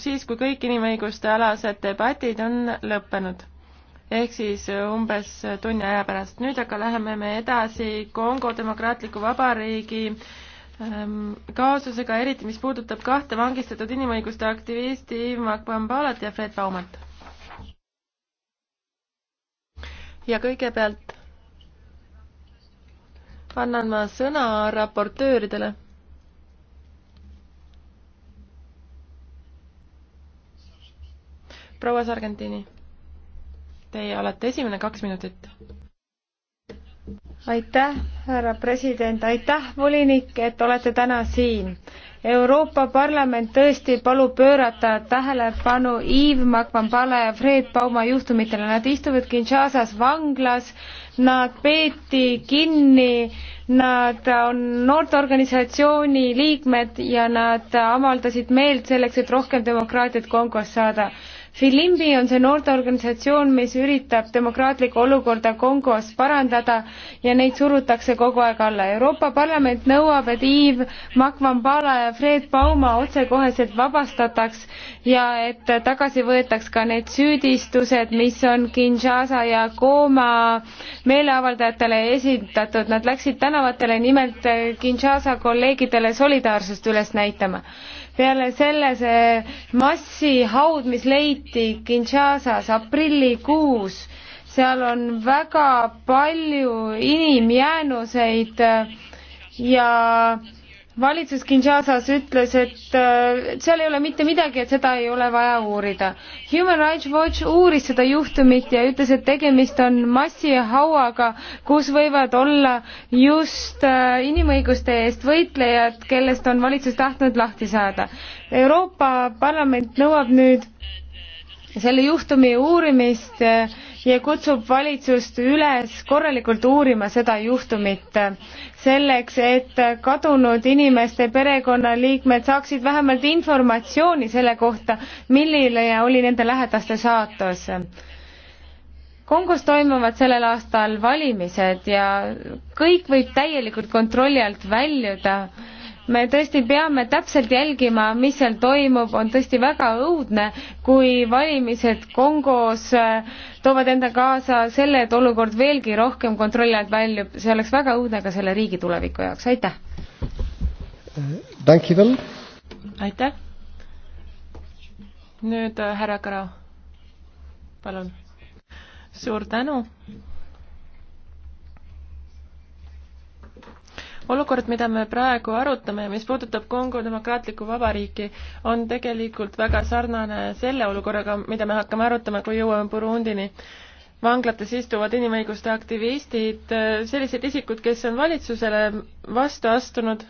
siis, kui kõik inimõiguste alased debatid on lõppenud. ehk siis umbes tunni aja pärast. nüüd aga läheme me edasi Kongo Demokraatliku Vabariigi ähm, kaasusega, eriti mis puudutab kahte vangistatud inimõiguste aktivisti Makbambalat ja Fred Baumat. ja kõigepealt annan ma sõna raportööridele proua Sargentini, teie olete esimene, kaks minutit. aitäh, härra president, aitäh, volinik, et olete täna siin. Euroopa Parlament tõesti palub pöörata tähelepanu Yves Makvambala ja Fred Bauma juhtumitele, nad istuvad Kinshasas vanglas, nad peeti kinni Nad on noorteorganisatsiooni liikmed ja nad avaldasid meelt selleks, et rohkem demokraatiat Kongos saada. Filimbi on see noorteorganisatsioon, mis üritab demokraatlikku olukorda Kongos parandada ja neid surutakse kogu aeg alla. Euroopa Parlament nõuab, et Yves Makvambala ja Fred Bauma otsekoheselt vabastataks ja et tagasi võetaks ka need süüdistused, mis on Kinshasa ja Goma meeleavaldajatele esitatud. Nad läksid tänavatele nimelt Kinshasa kolleegidele solidaarsust üles näitama peale selle see massihaud, mis leiti Kinshasas aprillikuus, seal on väga palju inimjäänuseid äh, ja valitsus Kinshasas ütles, et äh, seal ei ole mitte midagi, et seda ei ole vaja uurida. Human Rights Watch uuris seda juhtumit ja ütles, et tegemist on massihauaga, kus võivad olla just äh, inimõiguste eest võitlejad, kellest on valitsus tahtnud lahti saada. Euroopa Parlament nõuab nüüd selle juhtumi uurimist äh, ja kutsub valitsust üles korralikult uurima seda juhtumit, selleks et kadunud inimeste perekonnaliikmed saaksid vähemalt informatsiooni selle kohta, milline oli nende lähedaste saatus. Kongos toimuvad sellel aastal valimised ja kõik võib täielikult kontrolli alt väljuda me tõesti peame täpselt jälgima, mis seal toimub, on tõesti väga õudne, kui valimised Kongos äh, toovad enda kaasa selle, et olukord veelgi rohkem kontrolli alt väljub, see oleks väga õudne ka selle riigi tuleviku jaoks, aitäh! aitäh! nüüd äh, härra Karo, palun. suur tänu! olukord, mida me praegu arutame ja mis puudutab Kongo Demokraatlikku Vabariiki, on tegelikult väga sarnane selle olukorraga, mida me hakkame arutama, kui jõuame Burundini. vanglates istuvad inimõiguste aktivistid, sellised isikud, kes on valitsusele vastu astunud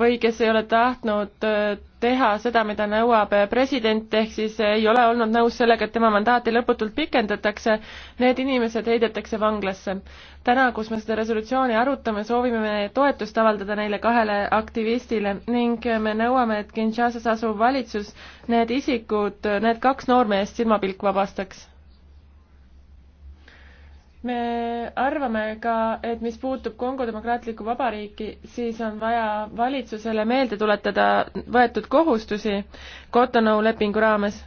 või kes ei ole tahtnud äh, teha seda, mida nõuab äh, president, ehk siis ei ole olnud nõus sellega, et tema mandaati lõputult pikendatakse, need inimesed heidetakse vanglasse. täna, kus me seda resolutsiooni arutame, soovime me toetust avaldada neile kahele aktivistile ning me nõuame, et Kinshasas asuv valitsus need isikud, need kaks noormeest silmapilk vabastaks me arvame ka, et mis puutub Kongo Demokraatlikku Vabariiki, siis on vaja valitsusele meelde tuletada võetud kohustusi Cotonou lepingu raames.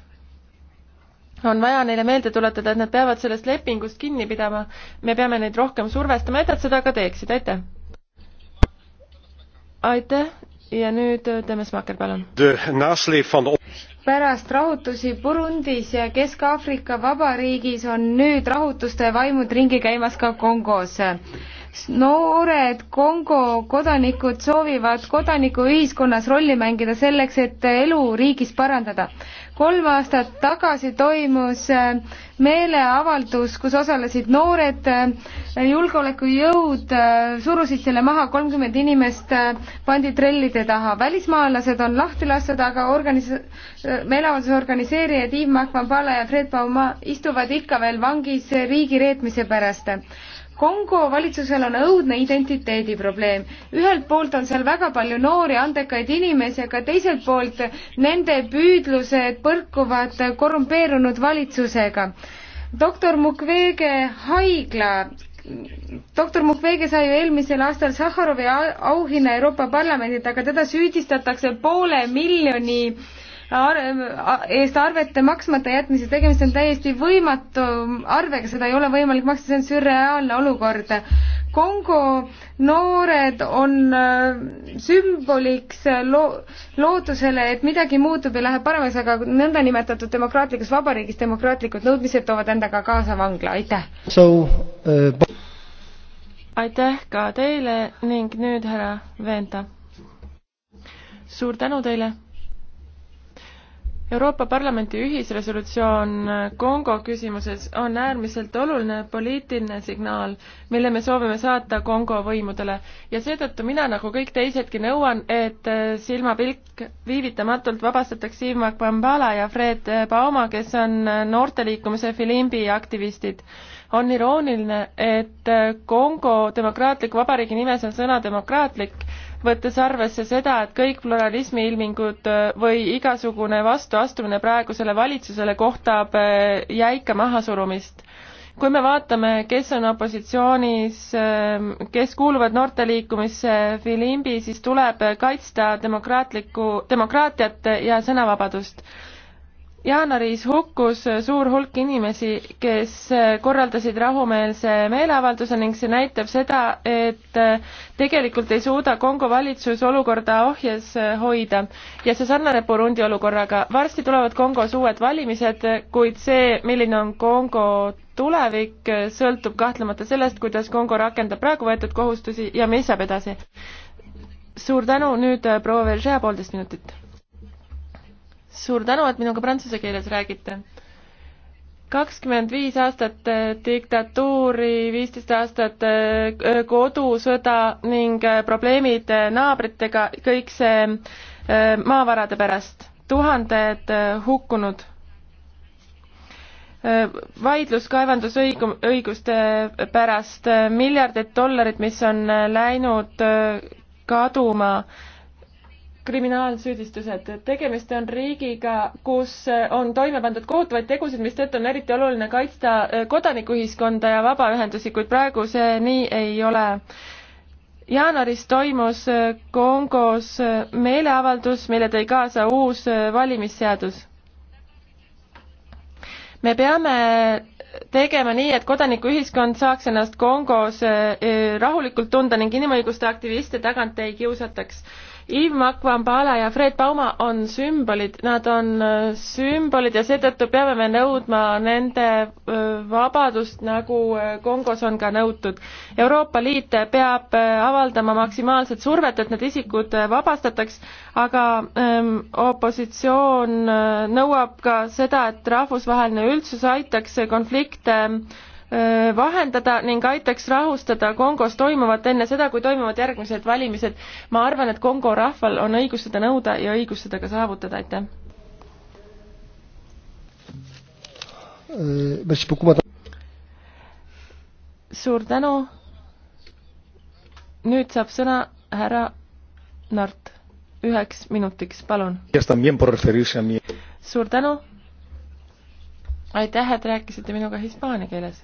on vaja neile meelde tuletada, et nad peavad sellest lepingust kinni pidama. me peame neid rohkem survestama, et nad seda ka teeksid, aitäh! aitäh ja nüüd äh, Demes Makker, palun! pärast rahutusi Burundis ja Kesk-Aafrika Vabariigis on nüüd rahutuste vaimud ringi käimas ka Kongos. noored Kongo kodanikud soovivad kodanikuühiskonnas rolli mängida selleks, et elu riigis parandada kolm aastat tagasi toimus äh, meeleavaldus, kus osalesid noored äh, julgeolekujõud, äh, surusid selle maha, kolmkümmend inimest pandi trellide taha. välismaalased on lahti lastud, aga organis-, meeleavalduse organiseerijad Yves Macmapala ja Fred Bauma istuvad ikka veel vangis riigi reetmise pärast Kongo valitsusel on õudne identiteediprobleem. ühelt poolt on seal väga palju noori andekaid inimesi, aga teiselt poolt nende püüdlused põrkuvad korrumpeerunud valitsusega. doktor Mukwege haigla doktor Mukwege sai ju eelmisel aastal Sahharovi auhinna Euroopa Parlamendilt, aga teda süüdistatakse poole miljoni äh, ar eest arvete maksmata jätmise tegemist on täiesti võimatu arvega, seda ei ole võimalik maksta, see on sürreaalne olukord. Kongo noored on äh, sümboliks äh, lo-, lootusele, et midagi muutub ja läheb paremaks, aga nõndanimetatud demokraatlikus vabariigis demokraatlikud nõudmised toovad endaga kaasa vangla, aitäh! Uh, aitäh ka teile ning nüüd härra Veenda. suur tänu teile! Euroopa Parlamenti ühisresolutsioon Kongo küsimuses on äärmiselt oluline poliitiline signaal, mille me soovime saata Kongo võimudele ja seetõttu mina, nagu kõik teisedki, nõuan, et silmapilk viivitamatult vabastataks Siim Makbambala ja Fred Bauma, kes on noorteliikumise Filimbi aktivistid on irooniline, et Kongo Demokraatliku Vabariigi nimes on sõna demokraatlik, võttes arvesse seda, et kõik pluralismi ilmingud või igasugune vastuastumine praegusele valitsusele kohtab jäika mahasurumist. kui me vaatame, kes on opositsioonis, kes kuuluvad noorteliikumisse Filimbi, siis tuleb kaitsta demokraatlikku, demokraatiat ja sõnavabadust jaanuaris hukkus suur hulk inimesi, kes korraldasid rahumeelse meeleavalduse ning see näitab seda, et tegelikult ei suuda Kongo valitsus olukorda ohjes hoida. ja see sarnaneb Burundi olukorraga. varsti tulevad Kongos uued valimised, kuid see, milline on Kongo tulevik, sõltub kahtlemata sellest, kuidas Kongo rakendab praegu võetud kohustusi ja mis saab edasi. suur tänu, nüüd proua Veržea, poolteist minutit suur tänu, et minuga prantsuse keeles räägite. kakskümmend viis aastat äh, diktatuuri, viisteist aastat äh, kodusõda ning äh, probleemid naabritega, kõik see maavarade pärast, tuhanded hukkunud vaidlus kaevandusõigu-, õiguste pärast, miljardid dollarid, mis on läinud kaduma kriminaalsüüdistused. tegemist on riigiga, kus on toime pandud kohutavaid tegusid, mistõttu on eriti oluline kaitsta eh, kodanikuühiskonda ja vabaühendusi, kuid praegu see nii ei ole. jaanuaris toimus eh, Kongos eh, meeleavaldus, mille tõi kaasa uus valimisseadus. me peame tegema nii, et kodanikuühiskond saaks ennast Kongos rahulikult tunda ning inimõiguste aktiviste tagant ei kiusataks Yves Makwambala ja Fred Bauma on sümbolid, nad on äh, sümbolid ja seetõttu peame me nõudma nende äh, vabadust, nagu äh, Kongos on ka nõutud. Euroopa Liit peab avaldama maksimaalset survet, et need isikud vabastataks, aga ähm, opositsioon nõuab ka seda, et rahvusvaheline üldsus aitaks konflikte ähm, vahendada ning aitaks rahustada Kongos toimuvat enne seda, kui toimuvad järgmised valimised. ma arvan, et Kongo rahval on õigus seda nõuda ja õigus seda ka saavutada, aitäh. Äh, suur tänu. nüüd saab sõna härra Nart üheks minutiks, palun. suur tänu. aitäh, et rääkisite minuga hispaania keeles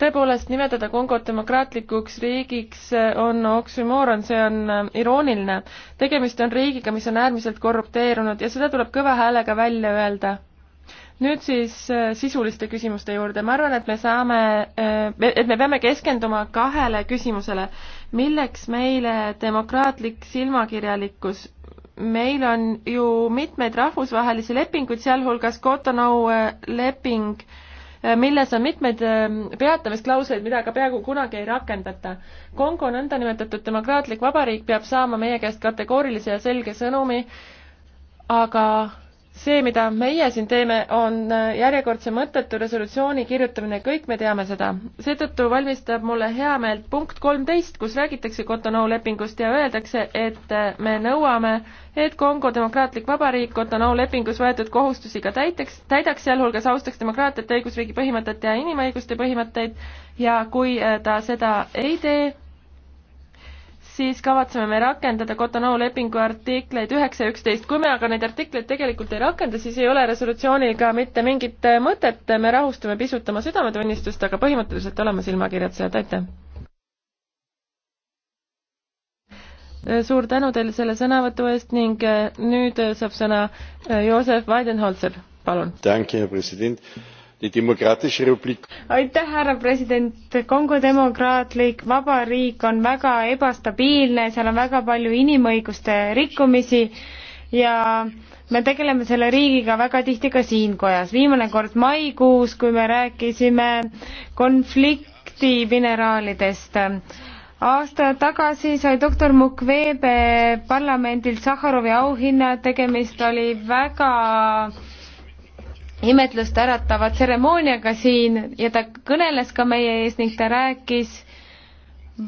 tõepoolest nimetada Kongot demokraatlikuks riigiks eh, on oksümooron, see on eh, irooniline. tegemist on riigiga, mis on äärmiselt korrupteerunud ja seda tuleb kõva häälega välja öelda. nüüd siis eh, sisuliste küsimuste juurde, ma arvan, et me saame, et me peame keskenduma kahele küsimusele. milleks meile demokraatlik silmakirjalikkus meil on ju mitmeid rahvusvahelisi lepinguid, sealhulgas Cotonou leping äh, Äh, milles on mitmeid ähm, peatamisklausleid, mida aga peaaegu kunagi ei rakendata. Kongo nõndanimetatud demokraatlik vabariik peab saama meie käest kategoorilise ja selge sõnumi, aga see, mida meie siin teeme, on järjekordse mõttetu resolutsiooni kirjutamine, kõik me teame seda. seetõttu valmistab mulle heameelt punkt kolmteist, kus räägitakse Cotonou lepingust ja öeldakse, et me nõuame, et Kongo Demokraatlik Vabariik Cotonou lepingus võetud kohustusi ka täiteks, täidaks, sealhulgas austaks demokraatiat, õigusriigi põhimõtet ja inimõiguste põhimõtteid ja kui ta seda ei tee, siis kavatseme me rakendada Cotonou lepingu artikleid üheksa ja üksteist. kui me aga neid artikleid tegelikult ei rakenda, siis ei ole resolutsiooniga mitte mingit mõtet, me rahustume pisut oma südametunnistust, aga põhimõtteliselt oleme silmakirjatsejad, aitäh! suur tänu teile selle sõnavõtu eest ning eh, nüüd eh, saab sõna eh, Joosef Weidenholzer, palun. tänan, president aitäh, härra president. Kongo Demokraatlik Vabariik on väga ebastabiilne, seal on väga palju inimõiguste rikkumisi ja me tegeleme selle riigiga väga tihti ka siin kojas. viimane kord maikuus, kui me rääkisime konflikti mineraalidest aasta tagasi sai doktor Mukwebe parlamendilt Sahharovi auhinna, tegemist oli väga imetlust äratava tseremooniaga siin ja ta kõneles ka meie ees ning ta rääkis,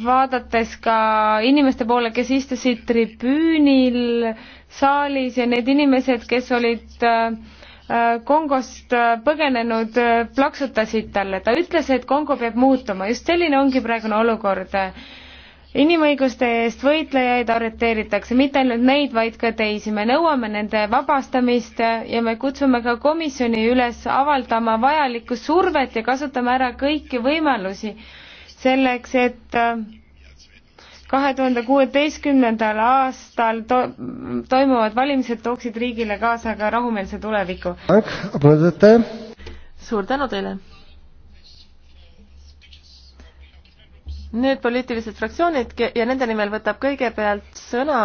vaadates ka inimeste poole, kes istusid tribüünil saalis ja need inimesed, kes olid äh, äh, Kongost äh, põgenenud, plaksutasid talle. ta ütles, et Kongo peab muutuma, just selline ongi praegune olukord inimõiguste eest võitlejaid arreteeritakse, mitte ainult neid, vaid ka teisi. me nõuame nende vabastamist ja me kutsume ka komisjoni üles avaldama vajalikku survet ja kasutama ära kõiki võimalusi selleks, et äh, kahe tuhande kuueteistkümnendal aastal to toimuvad valimised tooksid riigile kaasa ka rahumeelse tuleviku. suur tänu teile! nüüd poliitilised fraktsioonid ja nende nimel võtab kõigepealt sõna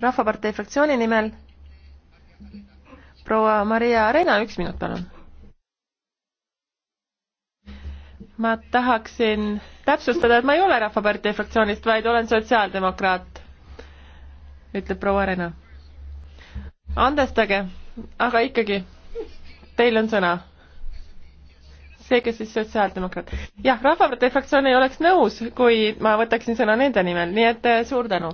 Rahvapartei fraktsiooni nimel proua Maria Arena, üks minut palun. ma tahaksin täpsustada, et ma ei ole Rahvapartei fraktsioonist, vaid olen sotsiaaldemokraat, ütleb proua Arena. andestage, aga ikkagi, teil on sõna seega siis sotsiaaldemokraat. jah, Rahvapartei fraktsioon ei oleks nõus, kui ma võtaksin sõna nende nimel, nii et äh, suur tänu.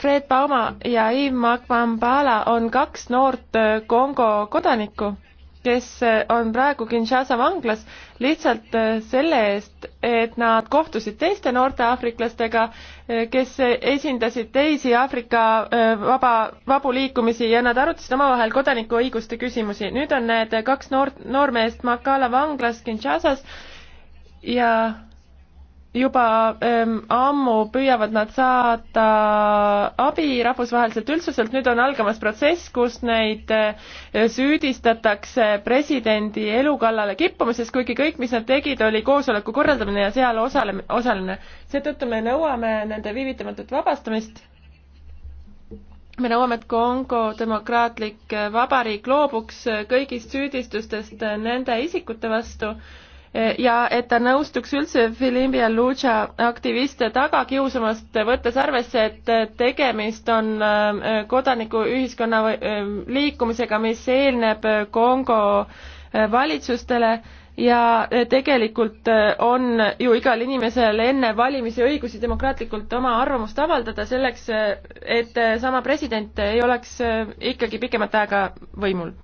Fred Bauma ja Yves Magmambala on kaks noort äh, Kongo kodanikku kes äh, on praegu Kinshasa vanglas lihtsalt äh, selle eest, et nad kohtusid teiste noorte aafriklastega, äh, kes esindasid teisi Aafrika vaba, vabu liikumisi ja nad arutasid omavahel kodanikuõiguste küsimusi. nüüd on need kaks noort, noormeest Makala vanglas Kinshasas ja juba ähm, ammu püüavad nad saada abi rahvusvaheliselt üldsuselt, nüüd on algamas protsess, kus neid äh, süüdistatakse presidendi elu kallale kippumises, kuigi kõik, mis nad tegid, oli koosoleku korraldamine ja seal osale-, osalemine. seetõttu me nõuame nende viivitamatut vabastamist. me nõuame, et Kongo Demokraatlik Vabariik loobuks kõigist süüdistustest nende isikute vastu äh,, ja et ta nõustuks üldse Filimbia Lucha aktiviste taga kiusamast, võttes arvesse, et tegemist on äh, kodanikuühiskonna äh, liikumisega, mis eelneb Kongo äh, valitsustele ja tegelikult on ju igal inimesel enne valimisi õigusi demokraatlikult oma arvamust avaldada selleks, et sama president ei oleks ikkagi pikemat aega võimul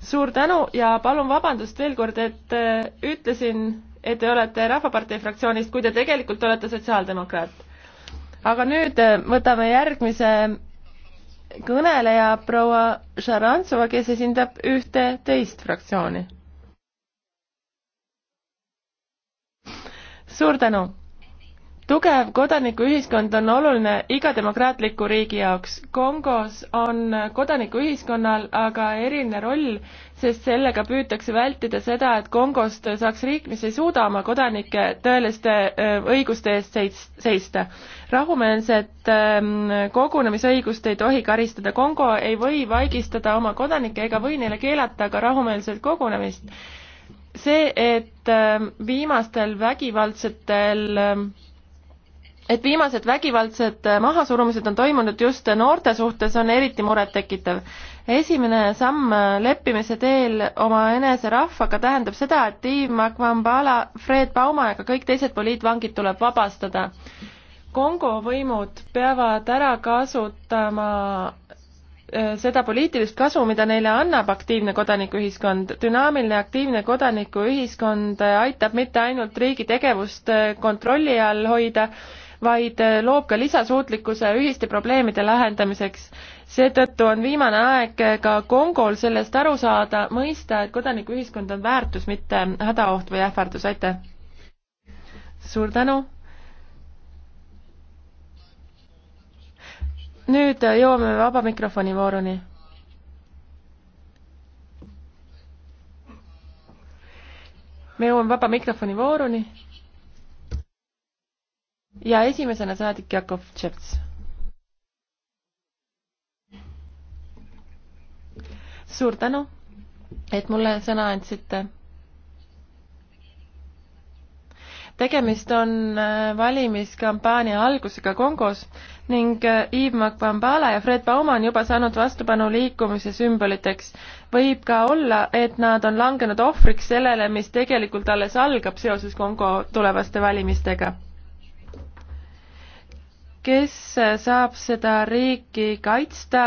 suur tänu ja palun vabandust veel kord, et äh, ütlesin, et te olete Rahvapartei fraktsioonist, kui te tegelikult olete sotsiaaldemokraat. aga nüüd äh, võtame järgmise kõneleja, proua Šarantsova, kes esindab ühte teist fraktsiooni. suur tänu tugev kodanikuühiskond on oluline iga demokraatliku riigi jaoks. Kongos on kodanikuühiskonnal aga eriline roll, sest sellega püütakse vältida seda, et Kongost saaks riik, mis ei suuda oma kodanike tõeliste õiguste eest seista. rahumeelset kogunemisõigust ei tohi karistada. Kongo ei või vaigistada oma kodanikke ega või neile keelata ka rahumeelset kogunemist. see, et viimastel vägivaldsetel et viimased vägivaldsed mahasurumised on toimunud just noorte suhtes, on eriti murettekitav. esimene samm leppimise teel omaenese rahvaga tähendab seda, et Tiiv Magvambala, Fred Bauma ja ka kõik teised poliitvangid tuleb vabastada. Kongo võimud peavad ära kasutama äh, seda poliitilist kasu, mida neile annab aktiivne kodanikuühiskond. dünaamiline aktiivne kodanikuühiskond aitab mitte ainult riigi tegevust äh, kontrolli all hoida, vaid loob ka lisasuutlikkuse ühiste probleemide lahendamiseks. seetõttu on viimane aeg ka Kongol sellest aru saada, mõista, et kodanikuühiskond on väärtus, mitte hädaoht või ähvardus, aitäh! suur tänu! nüüd jõuame vaba mikrofoni vooruni me jõuame vaba mikrofoni vooruni ja esimesena saadik Jakov Tšerts. suur tänu, et mulle sõna andsite. tegemist on äh, valimiskampaania algusega Kongos ning äh, Yves Makbambala ja Fred Bauma on juba saanud vastupanu liikumise sümboliteks. võib ka olla, et nad on langenud ohvriks sellele, mis tegelikult alles algab seoses Kongo tulevaste valimistega kes saab seda riiki kaitsta,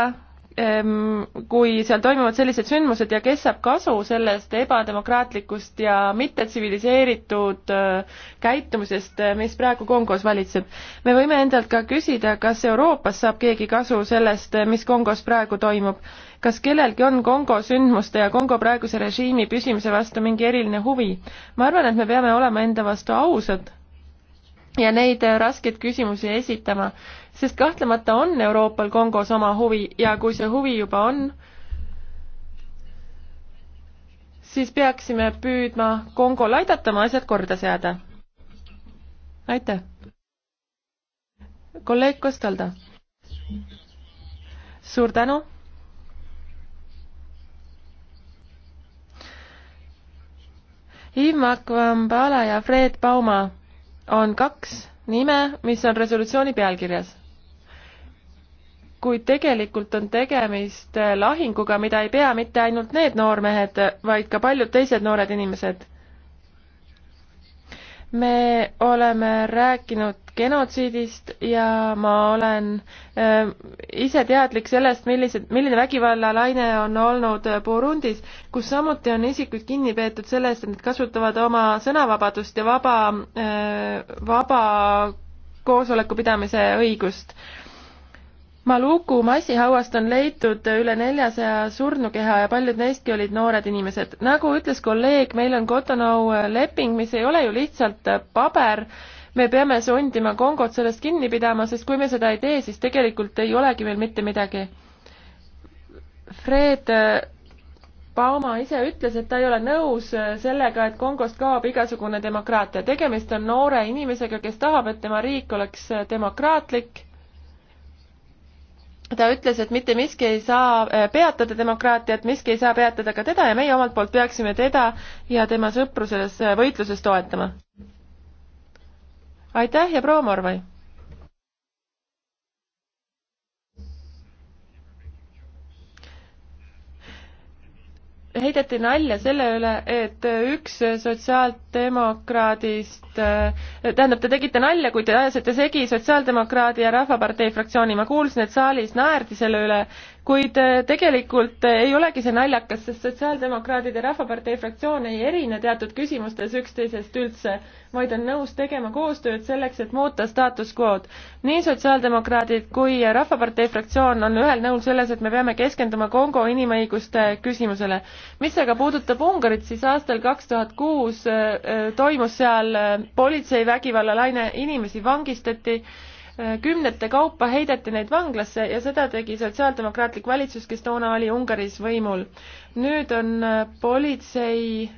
ehm, kui seal toimuvad sellised sündmused ja kes saab kasu sellest ebademokraatlikust ja mittetsiviliseeritud äh, käitumisest, äh, mis praegu Kongos valitseb. me võime endalt ka küsida, kas Euroopas saab keegi kasu sellest, äh, mis Kongos praegu toimub. kas kellelgi on Kongo sündmuste ja Kongo praeguse režiimi püsimise vastu mingi eriline huvi? ma arvan, et me peame olema enda vastu ausad ja neid äh, raskeid küsimusi esitama, sest kahtlemata on Euroopal Kongos oma huvi ja kui see huvi juba on, siis peaksime püüdma Kongol aidata oma asjad korda seada. aitäh! kolleeg Kostalda. suur tänu! Yves Makvambala ja Fred Bauma on kaks nime, mis on resolutsiooni pealkirjas. kuid tegelikult on tegemist eh, lahinguga, mida ei pea mitte ainult need noormehed, vaid ka paljud teised noored inimesed. me oleme rääkinud genotsiidist ja ma olen äh, ise teadlik sellest, millised, milline vägivallalaine on olnud äh, Burundis, kus samuti on isikuid kinni peetud selle eest, et nad kasutavad oma sõnavabadust ja vaba äh,, vaba koosoleku pidamise õigust Maluku massihauast on leitud üle neljasaja surnukeha ja paljud neistki olid noored inimesed. nagu ütles kolleeg, meil on Cotonou leping, mis ei ole ju lihtsalt paber, me peame sundima Kongot sellest kinni pidama, sest kui me seda ei tee, siis tegelikult ei olegi meil mitte midagi. Fred Bauma äh, ise ütles, et ta ei ole nõus äh, sellega, et Kongost kaob igasugune demokraatia. tegemist on noore inimesega, kes tahab, et tema riik oleks äh, demokraatlik. ta ütles, et mitte miski ei saa peatada demokraatiat, miski ei saa peatada ka teda ja meie omalt poolt peaksime teda ja tema sõpru selles võitluses toetama aitäh ja proua Morvai! heideti nalja selle üle, et üks sotsiaaldemokraadist, tähendab, te tegite nalja, kui te ajasite segi Sotsiaaldemokraadi ja Rahvapartei fraktsiooni, ma kuulsin, et saalis naerdi selle üle, kuid äh, tegelikult äh, ei olegi see naljakas, sest Sotsiaaldemokraadid ja Rahvapartei fraktsioon ei erine teatud küsimustes üksteisest üldse, vaid on nõus tegema koostööd selleks, et muuta staatus quo'd. nii Sotsiaaldemokraadid kui Rahvapartei fraktsioon on ühel nõul selles, et me peame keskenduma Kongo inimõiguste küsimusele. mis aga puudutab Ungarit, siis aastal kaks tuhat kuus äh, toimus seal politseivägivallalaine, inimesi vangistati kümnete kaupa heideti neid vanglasse ja seda tegi sotsiaaldemokraatlik valitsus, kes toona oli Ungaris võimul. nüüd on äh, politsei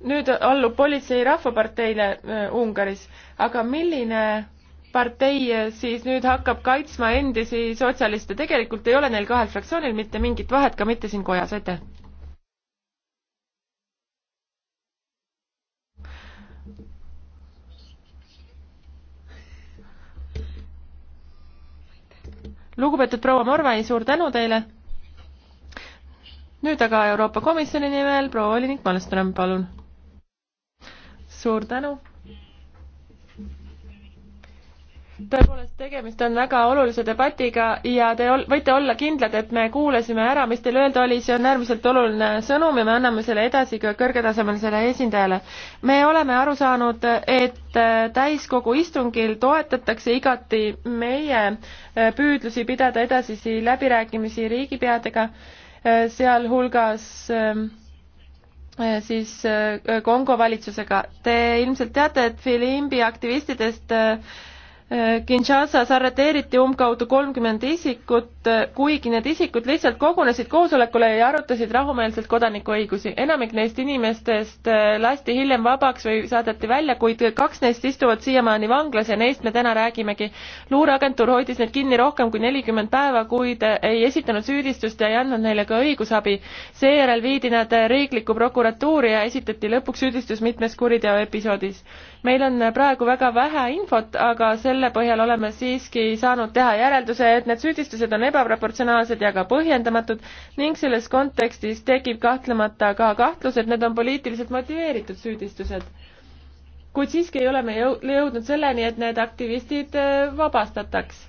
nüüd allub politsei Rahvaparteile äh, Ungaris, aga milline partei äh, siis nüüd hakkab kaitsma endisi sotsialiste, tegelikult ei ole neil kahel fraktsioonil mitte mingit vahet, ka mitte siin kojas, aitäh! lugupeetud proua Morvai, suur tänu teile! nüüd aga Euroopa Komisjoni nimel proua volinik Malmström, palun! suur tänu! tõepoolest, tegemist on väga olulise debatiga ja te ol, võite olla kindlad, et me kuulasime ära, mis teil öelda oli, see on äärmiselt oluline sõnum ja me anname selle edasi ka kõrgetasemelisele esindajale. me oleme aru saanud, et äh, täiskogu istungil toetatakse igati meie äh, püüdlusi pidada edasisi läbirääkimisi riigipeadega, äh, sealhulgas ähm, siis Kongo valitsusega. Te ilmselt teate, et Filimbi aktivistidest Kinshasas arreteeriti umbkaudu kolmkümmend isikut, kuigi need isikud lihtsalt kogunesid koosolekule ja arutasid rahumeelselt kodanikuõigusi. enamik neist inimestest äh, lasti hiljem vabaks või saadeti välja, kuid kaks neist istuvad siiamaani vanglas ja neist me täna räägimegi. luureagentuur hoidis neid kinni rohkem kui nelikümmend päeva, kuid äh, ei esitanud süüdistust ja ei andnud neile ka õigusabi. seejärel viidi nad äh, riiklikku prokuratuuri ja esitati lõpuks süüdistus mitmes kuriteoepisoodis meil on praegu väga vähe infot, aga selle põhjal oleme siiski saanud teha järelduse, et need süüdistused on ebaproportsionaalsed ja ka põhjendamatud ning selles kontekstis tekib kahtlemata ka kahtlus, et need on poliitiliselt motiveeritud süüdistused. kuid siiski ei ole me jõudnud selleni, et need aktivistid äh, vabastataks.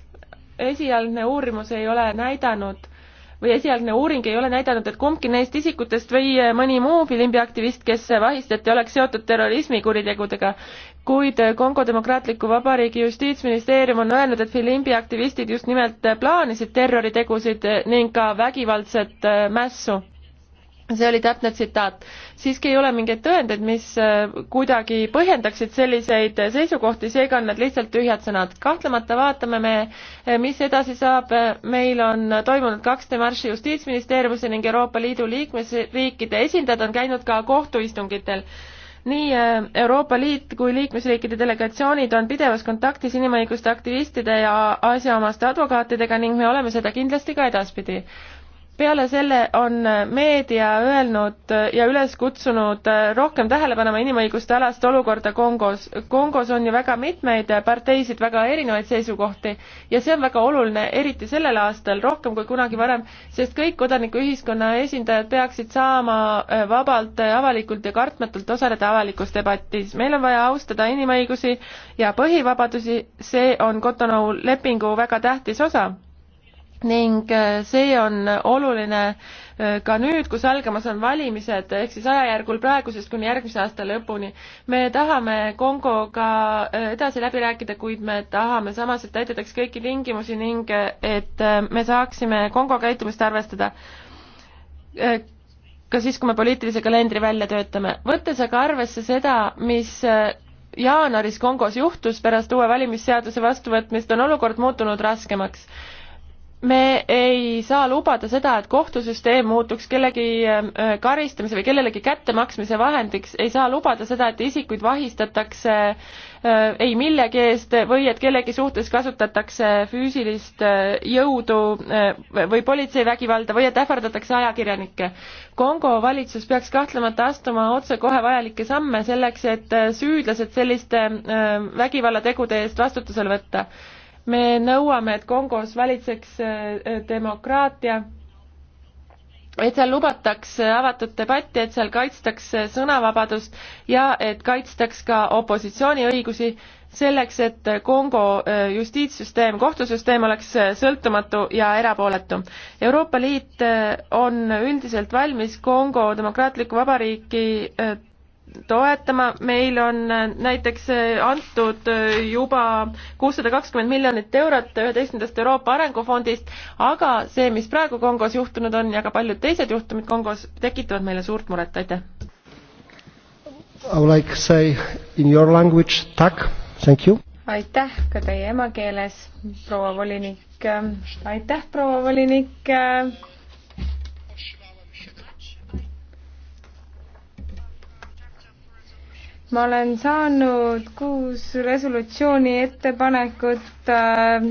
esialgne uurimus ei ole näidanud või esialgne uuring ei ole näidanud, et kumbki neist isikutest või eh, mõni muu filmiaktivist, kes vahistati, oleks seotud terrorismikuritegudega. kuid eh, Kongo Demokraatliku Vabariigi Justiitsministeerium on öelnud, et filmiaktivistid just nimelt plaanisid terroritegusid eh, ning ka vägivaldset mässu see oli täpne tsitaat. siiski ei ole mingeid tõendeid, mis äh, kuidagi põhjendaksid selliseid seisukohti, seega on need lihtsalt tühjad sõnad. kahtlemata vaatame me, äh, mis edasi saab. meil on toimunud kaks demarši Justiitsministeeriumisse ning Euroopa Liidu liikmesriikide esindajad on käinud ka kohtuistungitel nii äh, Euroopa Liit kui liikmesriikide delegatsioonid on pidevas kontaktis inimõiguste aktivistide ja asjaomaste advokaatidega ning me oleme seda kindlasti ka edaspidi peale selle on meedia öelnud ja üles kutsunud rohkem tähele panema inimõiguste alast olukorda Kongos. Kongos on ju väga mitmeid parteisid, väga erinevaid seisukohti ja see on väga oluline, eriti sellel aastal, rohkem kui kunagi varem, sest kõik kodanikuühiskonna esindajad peaksid saama vabalt, avalikult ja kartmatult osaleda avalikus debatis. meil on vaja austada inimõigusi ja põhivabadusi, see on Cotonou lepingu väga tähtis osa ning äh, see on oluline äh, ka nüüd, kus algamas on valimised, ehk siis ajajärgul praegusest kuni järgmise aasta lõpuni. me tahame Kongoga äh, edasi läbi rääkida, kuid me tahame samas, et täidetaks kõiki tingimusi ning et me saaksime Kongo käitumist arvestada ka siis, kui me poliitilise kalendri välja töötame. võttes aga arvesse seda, mis jaanuaris Kongos juhtus pärast uue valimisseaduse vastuvõtmist, on olukord muutunud raskemaks me ei saa lubada seda, et kohtusüsteem muutuks kellegi äh, karistamise või kellelegi kättemaksmise vahendiks, ei saa lubada seda, et isikuid vahistatakse äh, ei millegi eest või et kellegi suhtes kasutatakse füüsilist äh, jõudu või politseivägivalda või et ähvardatakse ajakirjanikke. Kongo valitsus peaks kahtlemata astuma otsekohe vajalikke samme selleks, et süüdlased selliste vägivallategude eest vastutusele võtta me nõuame, et Kongos valitseks äh, äh, demokraatia, et seal lubataks äh, avatud debatti, et seal kaitstaks sõnavabadust ja et kaitstaks ka opositsiooni õigusi selleks, et Kongo justiitssüsteem, kohtusüsteem oleks sõltumatu ja erapooletu. Euroopa Liit on üldiselt valmis Kongo demokraatlikku vabariiki toetama, meil on äh, näiteks äh, antud äh, juba kuussada kakskümmend miljonit eurot üheteistkümnendast Euroopa Arengufondist, aga see, mis praegu Kongos juhtunud on ja ka paljud teised juhtumid Kongos, tekitavad meile suurt muret, aitäh! I would like to say in your language, tak, thank you! aitäh ka teie emakeeles, proua volinik, aitäh, proua volinik! ma olen saanud kuus resolutsiooni ettepanekut äh,